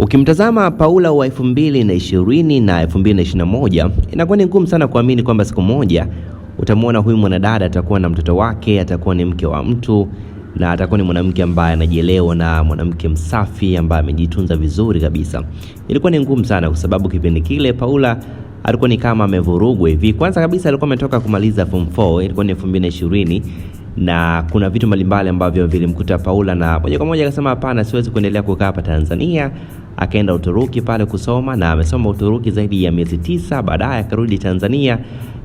Ukimtazama Paula wa 2020 na 2021 inakuwa ni ngumu sana kuamini kwamba siku moja utamwona huyu mwanadada atakuwa na mtoto wake, atakuwa ni mke wa mtu na atakuwa ni mwanamke ambaye anajielewa na mwanamke msafi ambaye amejitunza vizuri kabisa. Ilikuwa ni ngumu sana kwa sababu kipindi kile Paula alikuwa ni kama amevurugwa hivi. Kwanza kabisa alikuwa ametoka kumaliza form 4, ilikuwa ni 2020 na kuna vitu mbalimbali ambavyo vilimkuta Paula, na moja kwa moja akasema hapana, siwezi kuendelea kukaa hapa Tanzania. Akaenda Uturuki pale kusoma na amesoma Uturuki zaidi ya miezi tisa, baadaye akarudi Tanzania.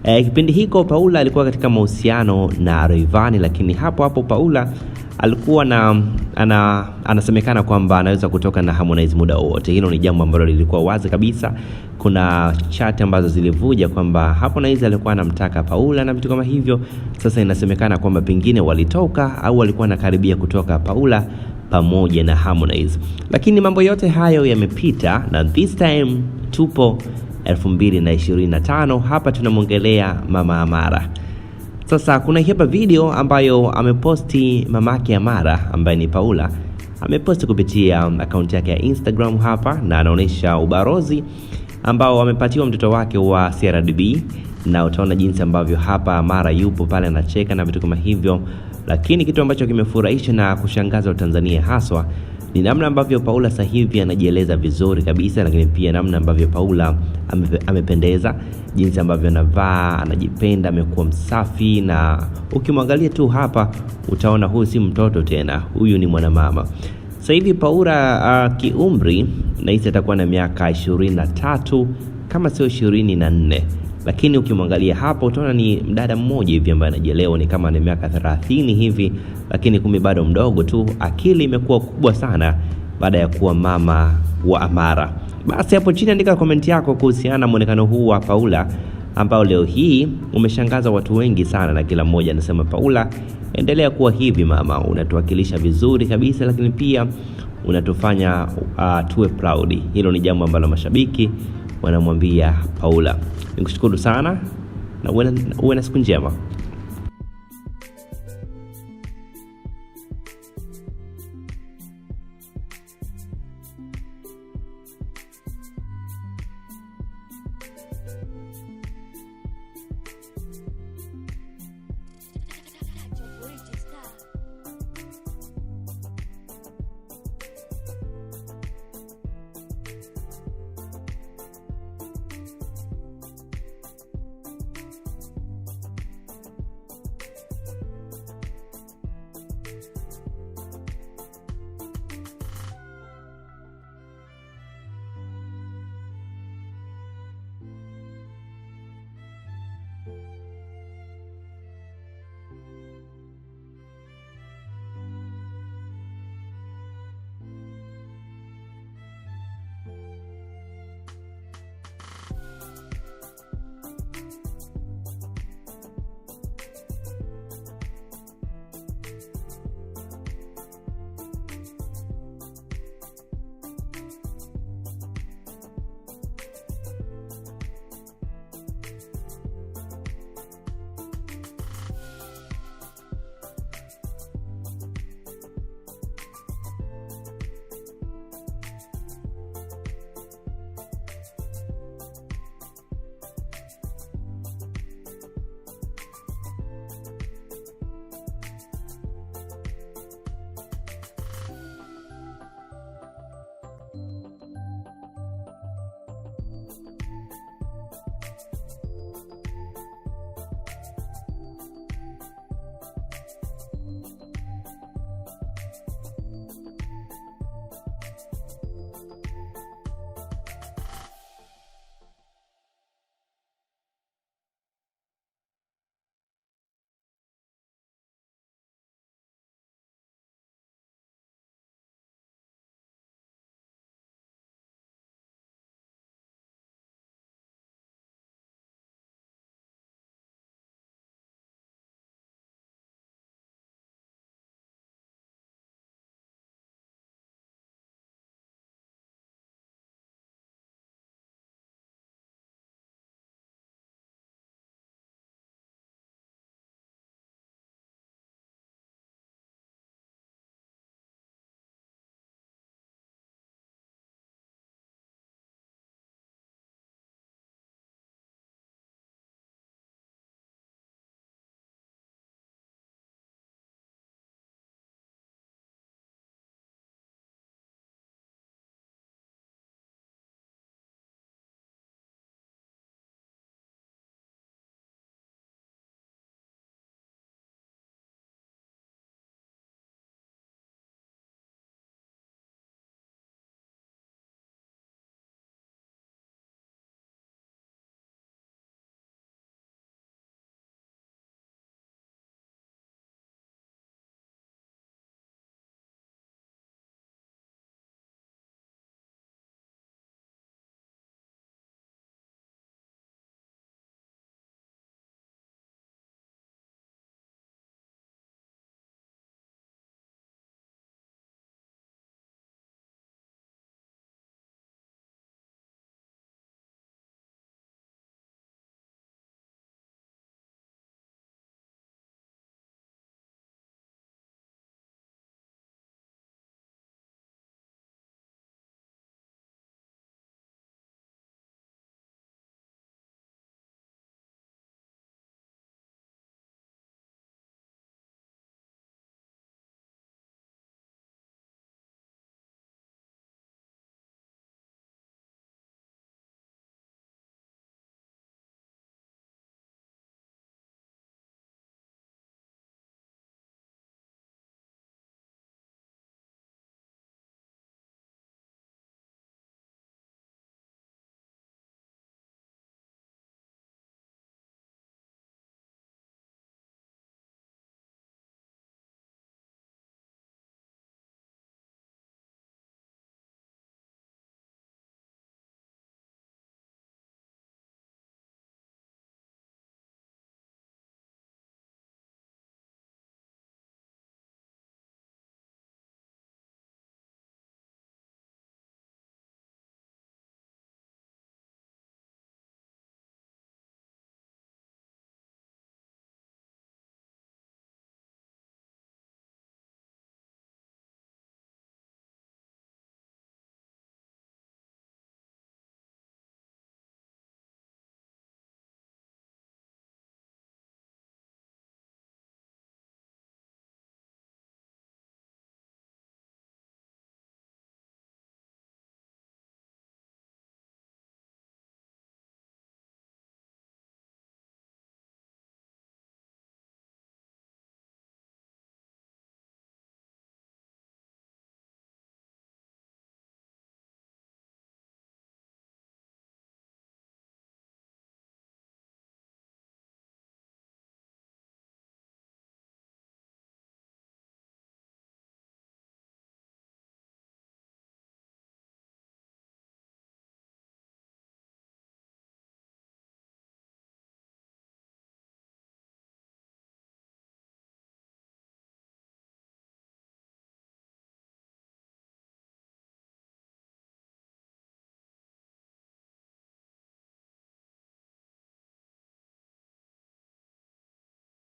E, kipindi hiko Paula alikuwa katika mahusiano na rivani lakini hapo hapo Paula alikuwa na ana, anasemekana kwamba anaweza kutoka na Harmonize muda wowote. Hilo ni jambo ambalo lilikuwa wazi kabisa kuna chat ambazo zilivuja kwamba Harmonize alikuwa anamtaka Paula na vitu kama hivyo. Sasa inasemekana kwamba pengine walitoka au walikuwa anakaribia kutoka Paula pamoja na Harmonize, lakini mambo yote hayo yamepita, na this time tupo 2025 hapa tunamwongelea mama Amara. Sasa kuna hapa video ambayo ameposti mamake Amara ambaye ni Paula, ameposti kupitia akaunti yake ya Instagram hapa, na anaonyesha ubarozi ambao wamepatiwa mtoto wake wa CRDB, na utaona jinsi ambavyo hapa mara yupo pale anacheka na vitu kama hivyo. Lakini kitu ambacho kimefurahisha na kushangaza Watanzania haswa ni namna ambavyo Paula sasa hivi anajieleza vizuri kabisa, lakini pia namna ambavyo Paula amependeza, jinsi ambavyo anavaa, anajipenda, amekuwa msafi, na ukimwangalia tu hapa utaona huyu si mtoto tena, huyu ni mwanamama. Sasa hivi Paula uh, kiumri nahisi atakuwa na miaka ishirini na tatu kama sio ishirini na nne lakini ukimwangalia hapo utaona ni mdada mmoja hivi ambaye anajielewa, ni kama ana miaka thelathini hivi, lakini kumbe bado mdogo tu. Akili imekuwa kubwa sana baada ya kuwa mama wa Amara. Basi hapo chini andika komenti yako kuhusiana na mwonekano huu wa Paula ambao leo hii umeshangaza watu wengi sana, na kila mmoja anasema, Paula, endelea kuwa hivi mama, unatuwakilisha vizuri kabisa, lakini pia unatufanya uh, tuwe proud. Hilo ni jambo ambalo mashabiki wanamwambia Paula. Nikushukuru sana na uwe na siku njema.